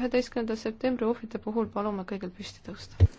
üheteistkümnenda septembri ohvrite puhul palume kõigil püsti tõusta.